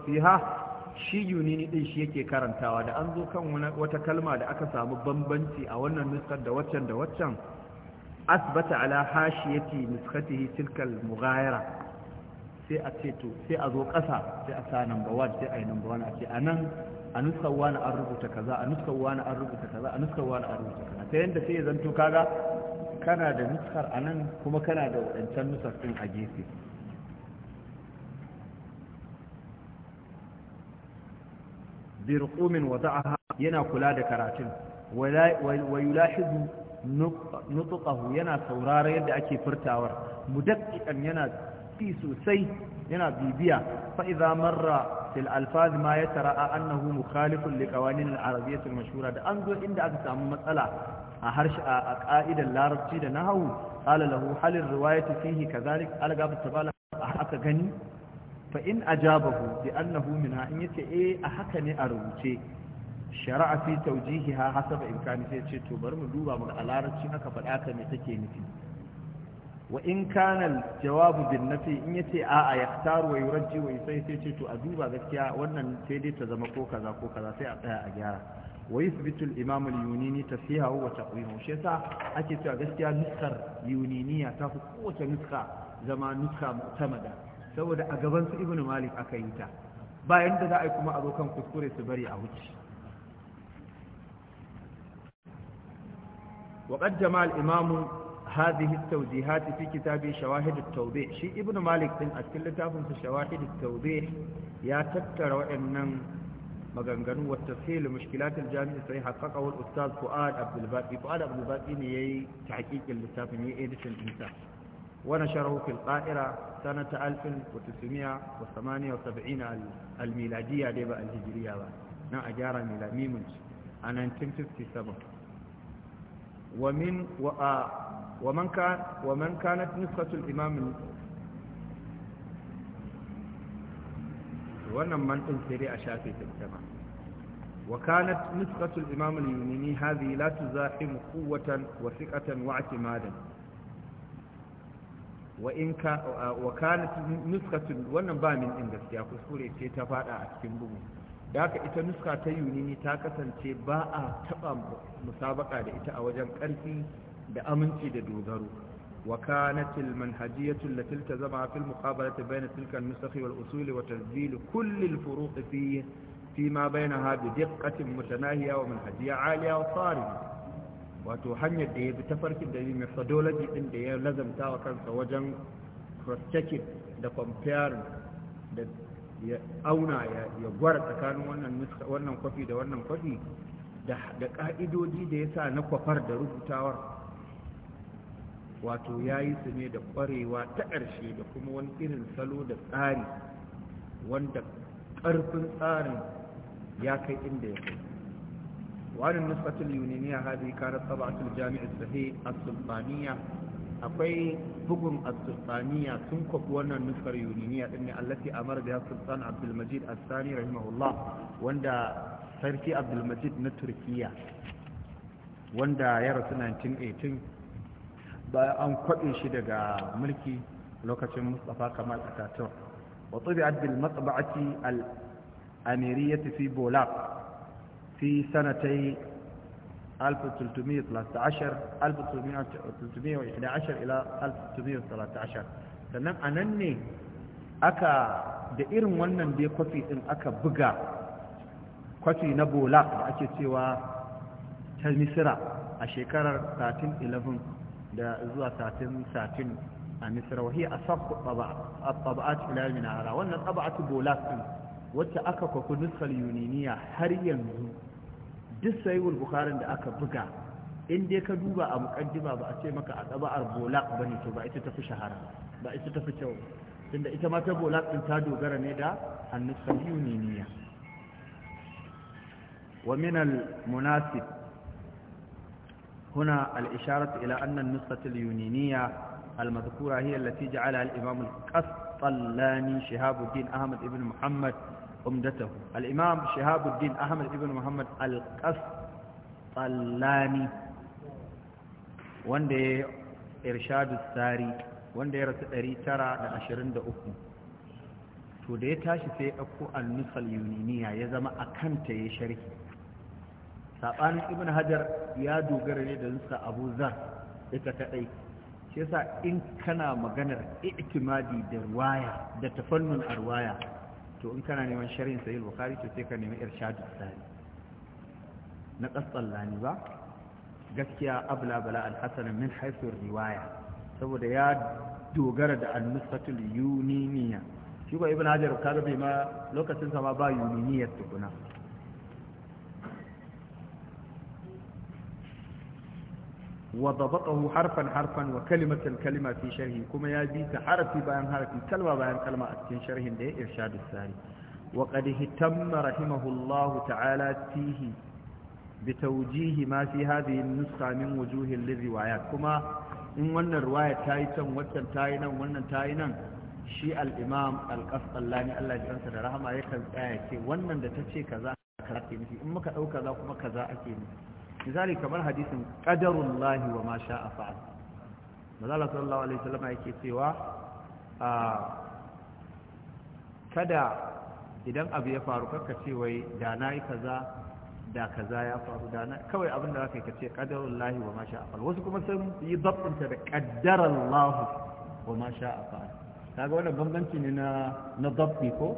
shi yunini din shi yake karantawa da an zo kan wata kalma da aka samu bambanci a wannan nuskar da waccan da waccan asbata ala hashiyati nuskatihi tilkal mughayira sai a ce to sai a zo ƙasa sai a sa number 1 sai a yi number 1 a ce anan a nuskar wani an rubuta kaza a nuskar wani an rubuta kaza a nuskar wani an rubuta kaza sai yanda sai ya zanto kaga kana da nuskar anan kuma kana da wadancan nuskar din a gefe bi ruqumin wada'aha yana kula da karatun wa yulahizu nutqahu yana saurara yadda ake furtawar mudaqqiqan yana fi sosai yana bibiya fa idza marra fil alfaz ma yatara annahu mukhalifun li qawanin al arabiyyah al mashhura da an zo inda aka samu matsala a harshe a ka'idar larabci da nahawu qala lahu hal ar riwayati fihi kadhalik alga bi tabala aka gani fa in ajabahu bi annahu minha in yace eh a haka ne a rubuce shari'a fi tawjihiha hasaba imkani sai ce to bari mu duba mu a larabci aka faɗa ka me take nufi wa in kana jawabu bin nafi in yace a'a yaktaru wa yurji wa sai sai ce to a duba gaskiya wannan sai dai ta zama ko kaza ko kaza sai a tsaya a gyara wa yuthbitu al-imam al-yunini tasihahu wa taqwimuhu shi yasa ake cewa gaskiya nuskar yuniniya ta fi kowace nuska zama nuska mu'tamada saboda a gaban su ibnu malik aka yi ta bayan da za a yi kuma abokan kuskure su bari a wuce waƙad jama'al imamu hadihi tawjihati fi kitabi shawahid at-tawbi shi ibn malik din a cikin littafin sa shawahid ya tattara waɗannan maganganu wa tafsil mushkilat al-jami' sai haqqaqa wal ustad fuad abd al-baqi fuad abd al-baqi ne yayi tahqiqin littafin ya editin din sa wa nasharahu fil سنة 1978 الميلادية ديبا الهجرية با نا أجارة ميلا ميمنش أنا 1957 ومن وآ ومن كان ومن كانت نسخة الإمام wannan man ɗin sai dai a shafe tattama wa kanat nusqatul imam al-yunini hadhihi la wa wa kanat nuskatun wannan ba min din gaskiya kuskure ce ta fada a cikin bugu da haka ita nuska ta yunini ta kasance ba a taba musabaka da ita a wajen karfi da aminci da dogaro wa kanat al manhajiyatu allati a fi al muqabalati bayna tilka al nusakh wal usul wa tanzil kull al furuq fi فيما بينها بدقة متناهية ومنهجية عالية وصارمة wato hanyar da ya bi tafarkin da methodology din da ya lazamta wa kansa wajen cross-checking da comparing da ya auna ya gwara tsakanin wannan kwafi da wannan kwafi da ka'idoji da ya sa na kwafar da rubutawar wato ya yi su ne da kwarewa ta ƙarshe da kuma wani irin salo da tsari wanda ƙarfin tsarin ya kai inda ya kai وعن النسخة اليونانية هذه كانت طبعة الجامع الصحيح السلطانية أقوي بقم السلطانية تنكب وانا النسخة اليونانية إن التي أمر بها السلطان عبد المجيد الثاني رحمه الله واندا سيركي عبد المجيد نتركية واندا يرس 1918 an kwaɗin shi daga mulki lokacin mustapha kamal atatürk wa tabi'at bil matba'ati al amiriyati fi bolak في سنتي 1313 1311 إلى 1313 ne aka da irin wannan dai aka buga kwafi na bola da ake cewa ta misira a shekarar 1311 da zuwa 1313 a misira wahiyar a sabba wannan bola ɗin wacce aka kwafi nuskar yuniniya har yanzu duk sayuwar bukarin da aka buga inda ka duba a mukaddima ba a ce maka a ɗaba'ar bolak ba ne to ba ita tafi shahara ba ita tafi kyau tunda ita ma ta bolak din ta dogara ne da annuskar yuniniya ومن المناسب هنا الإشارة إلى أن النسخة اليونينية المذكورة هي التي جعلها الإمام القسطلاني شهاب الدين أحمد بن محمد umdatahu al-imam shahabuddin ahmad ibn muhammad al-qasqalani wanda ya irshadu sari wanda ya rasu 923 to da ya tashi sai ya ɗauko al-nusal yuniniya ya zama a kanta ya sharki. saɓanin ibn hajar ya dogara ne da nusa abu zar ita kaɗai shi yasa in kana maganar itimadi da ruwaya da tafannun a to in kana neman sharin sahih bukhari to sai ka nemi irshadu sani na lani ba gaskiya abla bala al-hasan min haythu riwaya saboda ya dogara da al-nusatul yuniniya shi ba ibn hajar kaga bai ma lokacin sa ma ba yuniniyar tukuna wa dabaqahu harfan harfan wa kalimatan kalima fi sharhi kuma ya bi ta harfi bayan harfi kalma bayan kalma a cikin sharhin da ya irshadu sari rahimahullahu ta'ala fihi بتوجيه ما في هذه النسخة من وجوه للروايات كما إن ون الرواية تايتا وطن تاينا ون تاينا شيء الإمام القصد اللاني الله جانسة رحمه يكن آية ونن دتشي كذا كذا أكي نفي إما كذا كذا كذا أكي نفي misali kamar hadisin lahi wa ma sha'a fa'al manzala sallallahu alaihi wasallam yake cewa kada idan abu ya faru kakka ce wai da na yi kaza da kaza ya faru da na kawai abin da zaka yi ƙadarun lahi wa ma sha'a fa'al wasu kuma sun yi dabbinta da lahu wa ma sha'a fa'al kaga wannan bambanci ne na na dabbi ko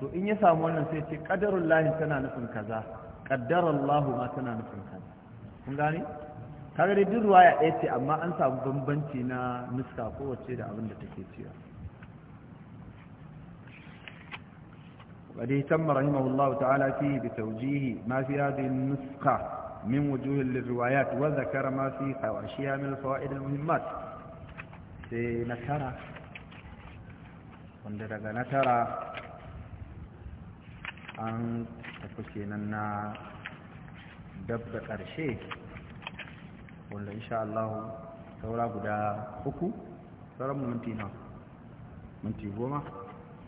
to in ya samu wannan sai ce qadarul lahi tana nufin kaza qaddarallahu ma tana nufin kaza kun gane kaga dai duk ruwaya ɗaya ce amma an samu bambanci na nuska kowace da abin da take cewa ودي تم رحمه الله تعالى فيه بتوجيه ما في هذه النسخة من وجوه للروايات وذكر ما في حواشيها من الفوائد المهمات في نكرة وندرق نكرة عن تكشيننا dab da ƙarshe wanda insha Allah saura guda uku sauran minti na minti goma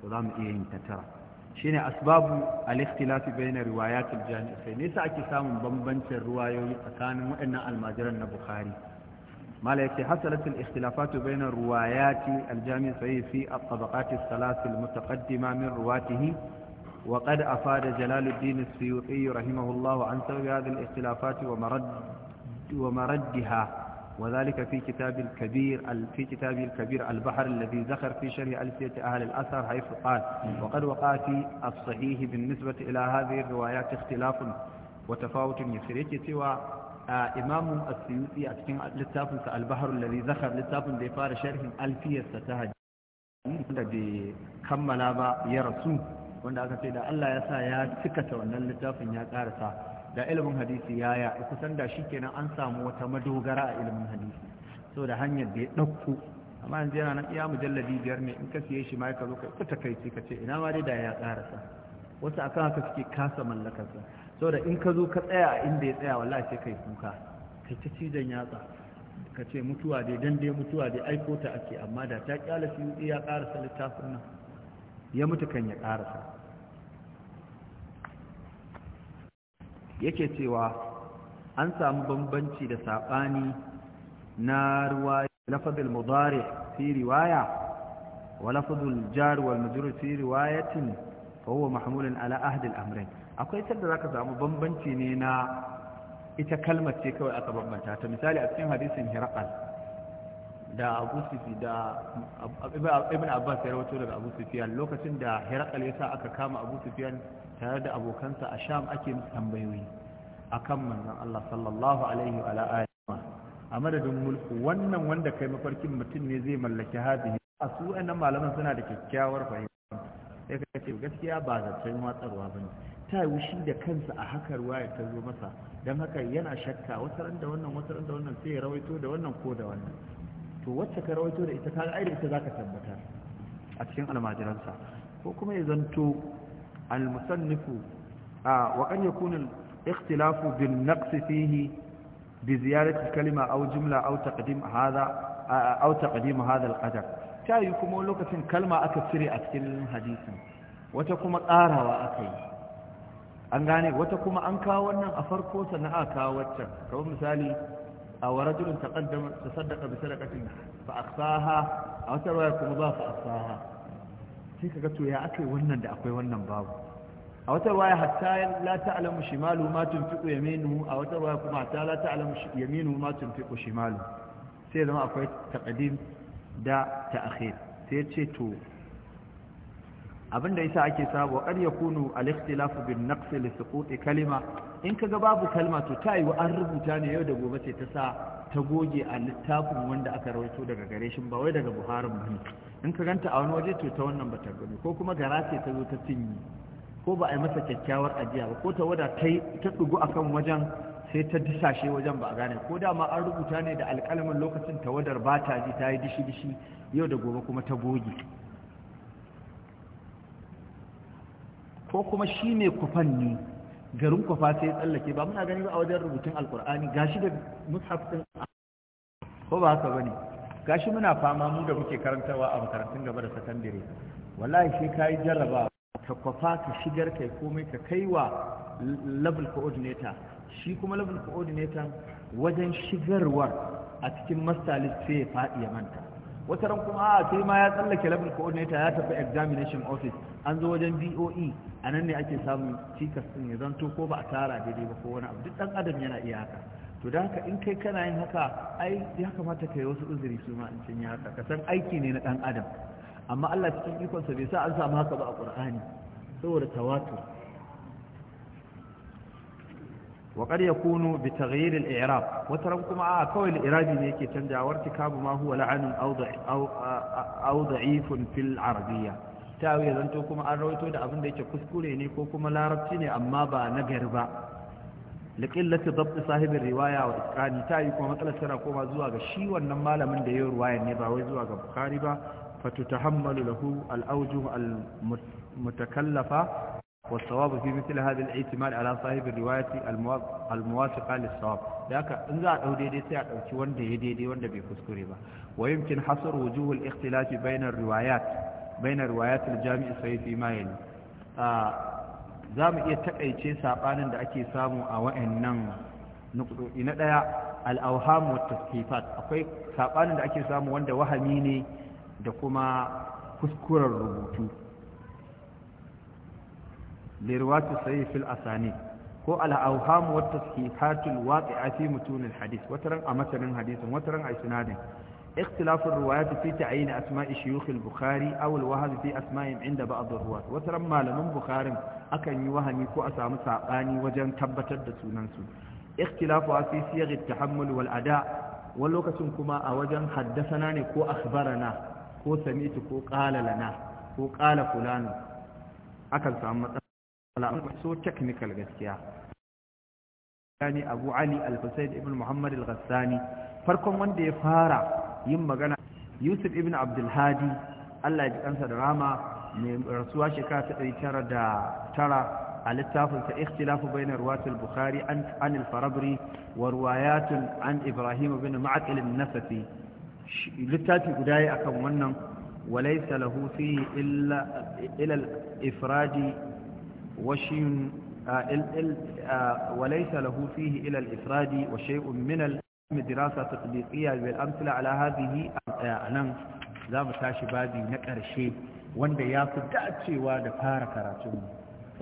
to za mu iya yin tattara shine asbabu al-ikhtilafi bayna riwayat al-jami' sai ne sa ake samun bambancin riwayoyi tsakanin waɗannan almajiran na Bukhari mala yake hasalat al-ikhtilafat bayna riwayat al-jami' sahih fi at-tabaqat al-thalath al-mutaqaddima min riwatihi وقد أفاد جلال الدين السيوطي رحمه الله عن سبب هذه الاختلافات ومرد ومردها وذلك في كتاب الكبير في كتاب الكبير البحر الذي ذكر في شرح ألسية أهل الأثر حيث قال وقد وقع في الصحيح بالنسبة إلى هذه الروايات اختلاف وتفاوت يخرج سوى آه، إمام السيوطي أتكين البحر الذي ذكر لتافن ديفار شرح ألفية ستهج كم bai kammala wanda aka ce da Allah ya sa ya cikata wannan littafin ya karasa da ilimin hadisi ya ya kusan da shi kenan an samu wata madogara a ilimin hadisi so da hanyar da ya ɗauko amma yanzu yana nan iya mujalladi biyar ne in ka siye shi ma ka zo ka ta kai ka ce ina ma dai da ya karasa wasu akan haka suke kasa mallakarsa so da in ka zo ka tsaya a inda ya tsaya wallahi sai kai kuka kai ta cizon yatsa ka ce mutuwa dai dan dai mutuwa dai aiko ta ake amma da ta kyala su ya karasa littafin nan ya mutu kan ya karasa yake cewa an samu bambanci da saɓani na ruwa lafazul mudari fi riwaya wa lafazul jar wal majrur fi riwayatin fa huwa mahmulun ala ahd al amrayn akwai tsada zaka samu bambanci ne na ita kalmar ce kawai aka bambanta ta misali a cikin hadisin hirqal da abu sufi da ibn abbas ya rawato daga abu sufiyan lokacin da herakal ya sa aka kama abu sufiyan tare da abokansa a sham ake musu tambayoyi akan manzan allah sallallahu alaihi wa alihi a madadin mulku wannan wanda kai mafarkin mutum ne zai mallaki hadihi a su wannan malaman suna da kyakkyawar fahimtar. sai gaskiya ba zaton watsarwa ba ne ta yi da kansa a haka ruwaya ta zo masa don haka yana shakka wasu da wannan wasu da wannan sai ya rawaito da wannan ko da wannan to wacce ka rawaito da ita kaga ai da ita zaka tabbatar a cikin almajiransa ko kuma ya zanto almusannifu a wa kan yakuna al-ikhtilafu bin naqs fihi bi ziyarati kalima aw jumla aw taqdim hadha aw taqdim hadha al-qadar tayi kuma lokacin kalma aka cire a cikin hadisin wata kuma karawa aka yi an gane wata kuma an kawo wannan a farko sana'a kawo waccan kamar misali أو رجل تقدم تصدق بسرقة فأخفاها أو ترى كمضاء فأخفاها تلك قلت يا أكي ونن دا أقوي ونن بابو أو ترى حتى لا تعلم شماله ما تنفق يمينه أو ترى كما حتى لا تعلم يمينه ما تنفق شماله سيدا ما أقوي تقديم دا تأخير سيد شيء Abin abinda yasa ake sabo qad yakunu al-ikhtilaf bin naqs li suqut kalima in kaga babu kalma to ta yi an rubuta ne yau da gobe ce ta sa ta goge a littafin wanda aka rawaito daga gare shi ba wai daga buharin ba in ka ganta a wani waje to ta wannan ba ta gani ko kuma gara ce ta zo ta cinye ko ba a yi masa kyakkyawar ajiya ba ko ta wada ta dugu akan wajen sai ta disashe wajen ba a gane ko da ma an rubuta ne da alƙalamin lokacin tawadar ba ta ji ta yi dishi-dishi yau da gobe kuma ta goge ko kuma shi ne kufan ne garin kufa sai ya tsallake ba muna gani ba a wajen rubutun alkur'ani gashi da mushaf din ko ba haka bane gashi muna fama mu da muke karantawa a makarantun gaba da sakandare wallahi sai kai jarraba ka kwafa ka shigar kai komai ka kaiwa level coordinator shi kuma level coordinator wajen shigarwar a cikin master list sai ya faɗi ya manta wata ran kuma a ah, sai ma ya tsallake level coordinator ya tafi examination office an zo wajen DOE a nan ne ake samun cikas din ya zanto ko ba a tara daidai ba ko wani abu duk dan adam yana iya haka to da haka in kai kana yin haka ai ya kamata kai wasu uzuri su ma in sun yi haka ka san aiki ne na dan adam amma Allah cikin ikonsa bai sa an samu haka ba a Qur'ani saboda tawatur wa ya kunu bi taghyir al-i'rab wa taram kuma a kawai al-i'rabi ne yake canjawar tikabu ma huwa la'anun aw da'ifun fil arabiyya tawi zanto kuma an rawaito da abin da yake kuskure ne ko kuma larabci ne amma ba nagari ba liqillati dabt sahibin riwaya wa ta tawi kuma matsalar tana koma zuwa ga shi wannan malamin da ya riwaya ne ba wai zuwa ga bukhari ba فتتحمل له الأوجه المتكلفة والصواب في مثل هذا الاعتماد على صاحب الرواية الموافقة للصواب ذاك إن ذا أو ديدي سيعد أو تيوان دي ديدي وان دبي كسكريبا ويمكن حصر وجوه الاختلاف بين الروايات بين روايات الجامع الصحيح فيما يلي za mu iya taƙaice saɓanin da ake samu a wa'annan nukɗo'i na ɗaya al'auhamu tasfifat akwai saɓanin da ake samu wanda wahami ne da kuma kuskuren rubutu lirwatu sai fil asani ko al'auham wa tashihatul waqi'a fi mutun al hadith wataran a matanin hadithin wataran a isnadin ikhtilafu al riwayat fi ta'yin asma'i shuyukh al bukhari aw al wahab fi asma'in 'inda ba'd al ruwat wataran malamin bukhari akan yi wahami ko a samu sabani wajen tabbatar da sunansu su ikhtilafu fi siyaq al tahammul wal ada' wal lokacin kuma a wajen haddathana ne ko akhbarana ko sami'tu ko qala lana ko qala fulan akan samu al'amur so technical gaskiya yani abu ali al-husayn ibn muhammad al-ghassani farkon wanda ya fara yin magana yusuf ibn abdul hadi Allah ya ji kansa da rama mai rasuwa shekara ta 909 a littafinsa ikhtilafu bainar ruwatul bukhari an al-farabri wa ruwayatun an ibrahim ibn ma'aqil an-nasafi littafi guda akan wannan walaysa lahu fihi illa ila al-ifraji وشي وليس له فيه إلى الإفراد وشيء من الدراسة التطبيقية بالأمثلة على هذه أنا لا متاشي بادي نكر شيء wanda ya fi dacewa da fara karatunmu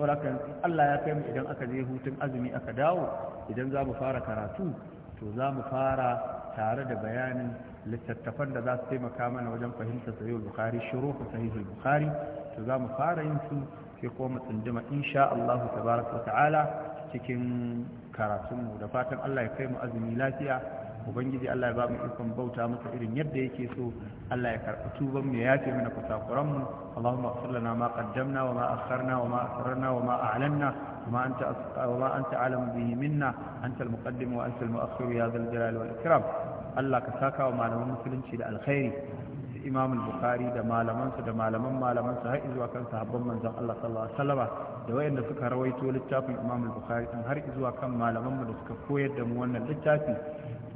saurakan Allah ya kai mu idan aka je hutun azumi aka dawo idan za mu fara karatu to za mu fara tare da bayanin littattafan da za su taimaka mana wajen fahimtar sahihul bukhari shuruh sahihul bukhari to za mu fara yin su sai kuma mutsunduma insha Allah tabaraka wa ta'ala cikin karatunmu da fatan Allah ya kai mu azumi lafiya ubangiji Allah ya ba mu ikon bauta masa irin yadda yake so Allah ya karɓi tuban mu ya yafe mana kusakuranmu Allahumma ighfir lana ma qaddamna wa ma akharna wa ma asrarna wa ma a'lanna وما أنت, وما أنت أعلم به منا أنت المقدم وأنت المؤخر يا ذا الجلال والإكرام الله كساكا وما نوم مسلم شيء الخير su imam bukhari da malamansa da malaman malamansa har zuwa kan sahabban manzon Allah sallallahu alaihi wasallama da wayanda suka rawaito littafin imam bukhari din har zuwa kan malaman mu da suka koyar da mu wannan littafi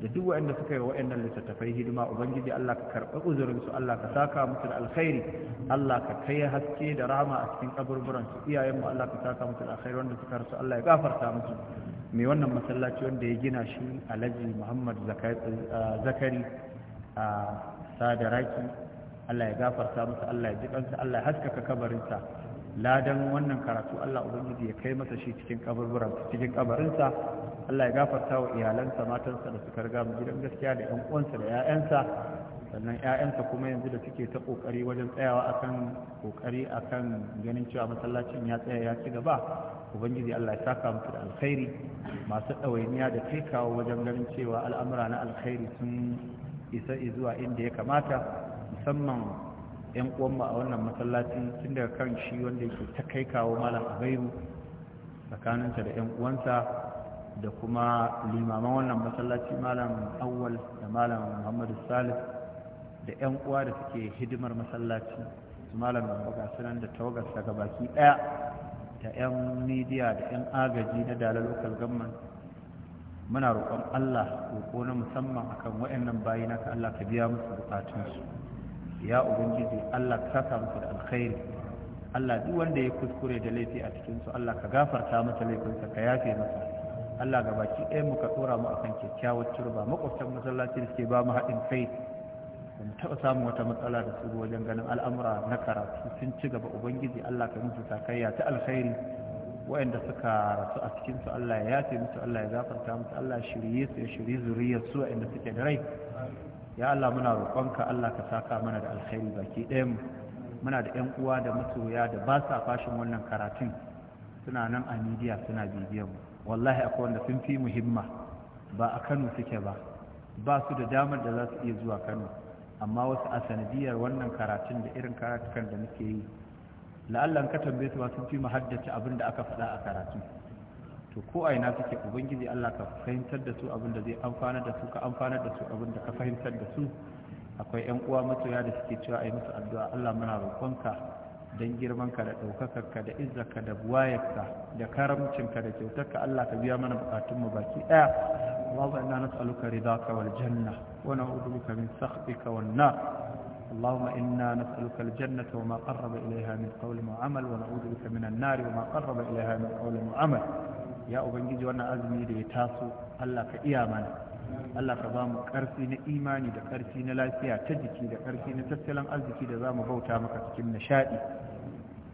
da duk wayanda suka yi wayannan littattafai hidima ubangiji Allah ka karɓi uzurin su Allah ka saka musu da alkhairi Allah ka kai haske da rahama a cikin kaburburan su iyayen mu Allah ka saka musu da alkhairi wanda suka rasu Allah ya gafarta musu mai wannan masallaci wanda ya gina shi Alhaji Muhammad Zakari uh, a sadaraki Allah ya gafarta masa Allah ya jikansa Allah ya haskaka kabarinsa ladan wannan karatu Allah ubangiji ya kai masa shi cikin kaburburan cikin kabarinsa Allah ya gafarta wa iyalansa matansa da suka riga mu gidan gaskiya da ƴan uwansa da ƴaƴansa sannan ƴaƴansa kuma yanzu da suke ta kokari wajen tsayawa akan kokari akan ganin cewa masallacin ya tsaya ya ci gaba ubangiji Allah ya saka musu da alkhairi masu ɗawainiya da kai kawo wajen ganin cewa al'amura na alkhairi sun isa zuwa inda ya kamata musamman yan uwanmu a wannan masallaci tun daga kan shi wanda yake ta kai kawo malam gairu tsakaninta da yan uwansa da kuma limaman wannan masallaci malam awwal da malam muhammadu salif da yan uwa da suke hidimar masallaci su malam baga sunan da tawagarsa baki ɗaya da yan midiya da yan agaji na dalar local government muna roƙon Allah roƙo na musamman akan waɗannan bayi naka Allah ka biya musu bukatunsu ya ubangiji Allah ka saka musu da alkhairi Allah duk wanda ya kuskure da laifi a cikin su Allah ka gafarta masa laifinsa ka yafe masa Allah ga baki ɗaya mu ka tsora mu akan kyakkyawar turba makwabtan masallaci da suke ba mu haɗin kai ba mu taɓa samun wata matsala da su wajen ganin al'amura na karatu sun ci gaba ubangiji Allah ka musu sakayya ta alkhairi Wa'inda suka rasu a cikin su Allah ya yafe musu Allah ya gafarta musu Allah shirye su ya shirye zuriyar su wayanda suke da rai ya Allah muna roƙonka Allah ka saka mana da alkhairi baki ɗayan mu muna da ƴan uwa da masoya da ba sa fashin wannan karatun suna nan a midiya suna bibiyan mu wallahi akwai wanda sun fi muhimma ba a Kano suke ba ba su da damar da za su iya zuwa Kano amma wasu a sanadiyar wannan karatun da irin karatukan da muke yi la'allan ka tambaye su sun fi mahaddace abin da aka faɗa a karatu to ko a ina suke ubangiji Allah ka fahimtar da su abin da zai amfana da su ka amfana da su abin da ka fahimtar da su akwai yan uwa masoya da suke cewa ai musu addu'a Allah muna roƙonka dan ka da ka da izzarka da buwayarka da karamcinka da kyautarka Allah ka biya mana mu baki ɗaya Allahumma inna nas'aluka ridaka wal janna wa na'udhu bika min sakhtika wan nar اللهم إنا na الجنة jannata قرب إليها من قول وعمل ونعوذ بك من النار وما قرب إليها من قول ya ubangiji wannan azumi da ya taso allah ka iya mana allah ka ba mu ƙarfi na imani da ƙarfi na lafiya ta jiki da ƙarfi na tattalin arziki da za mu bauta maka cikin nishaɗi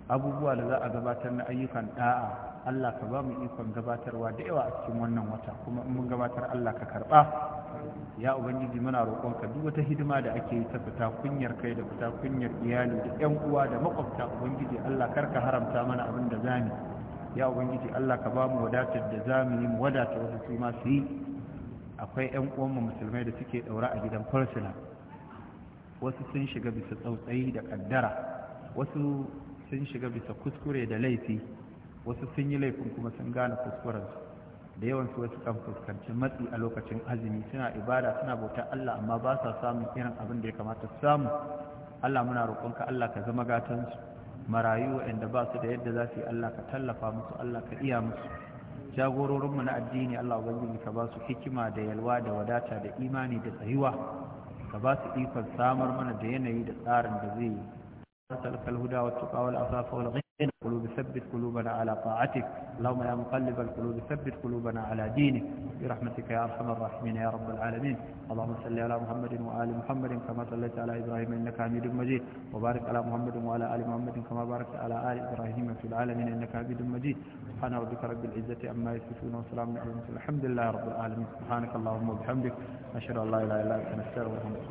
abubuwa da za a gabatar na ayyukan ɗa'a allah ka ba mu ikon gabatarwa da yawa a cikin wannan wata kuma in mun gabatar allah ka karɓa ya ubangiji muna roƙonka duk wata hidima da ake yi ta fita kunyar kai da fita kunyar iyali da ƴan uwa da makwabta ubangiji Allah karka haramta mana abin da zamu ya ubangiji Allah ka ba mu wadatar da zamu yi mu wadata wasu su ma su yi akwai ƴan uwan mu musulmai da suke daura a gidan farsila wasu sun shiga bisa tsautsayi da kaddara wasu sun shiga bisa kuskure da laifi wasu sun yi laifin kuma sun gane kuskurensu da yawan su wasu kan fuskanci matsi a lokacin azumi suna ibada suna bautar Allah amma ba sa samun irin abin da ya kamata su samu Allah muna roƙonka Allah ka zama gatansu marayu waɗanda ba su da yadda za su yi Allah ka tallafa musu Allah ka iya musu jagororinmu na addini Allah ubangiji ka ba su hikima da yalwa da wadata da imani da tsayuwa ka ba su ikon samar mana da yanayi da tsarin da zai yi. Salkal huda wa tuqawal asafa wal إن قلوب ثبت قلوبنا على طاعتك اللهم يا مقلب القلوب ثبت قلوبنا على دينك برحمتك يا أرحم الراحمين يا رب العالمين اللهم صل على محمد وآل محمد كما صليت على إبراهيم إنك حميد مجيد وبارك على محمد وعلى آل محمد كما باركت على آل إبراهيم في العالمين إنك حميد مجيد سبحان ربك رب العزة عما يصفون وسلام على المرسلين الحمد لله رب العالمين سبحانك اللهم وبحمدك أشهد أن لا إله إلا أنت نستغفرك ونتوب